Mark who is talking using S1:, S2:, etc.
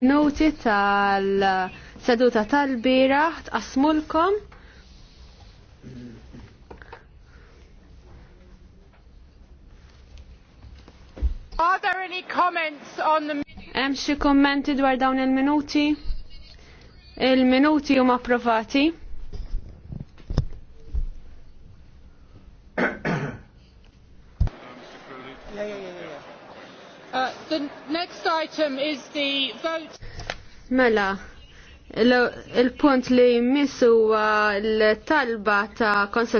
S1: Noti tal-seduta tal-bira tqasmulkom.
S2: Are there any comments on the Hemm xi kummenti dwar dawn il-minuti? Il-minuti huma approvati. yeah,
S3: yeah, yeah, yeah.
S4: Mela, il-punt li jmissu
S5: l-talba ta' konsultazzjoni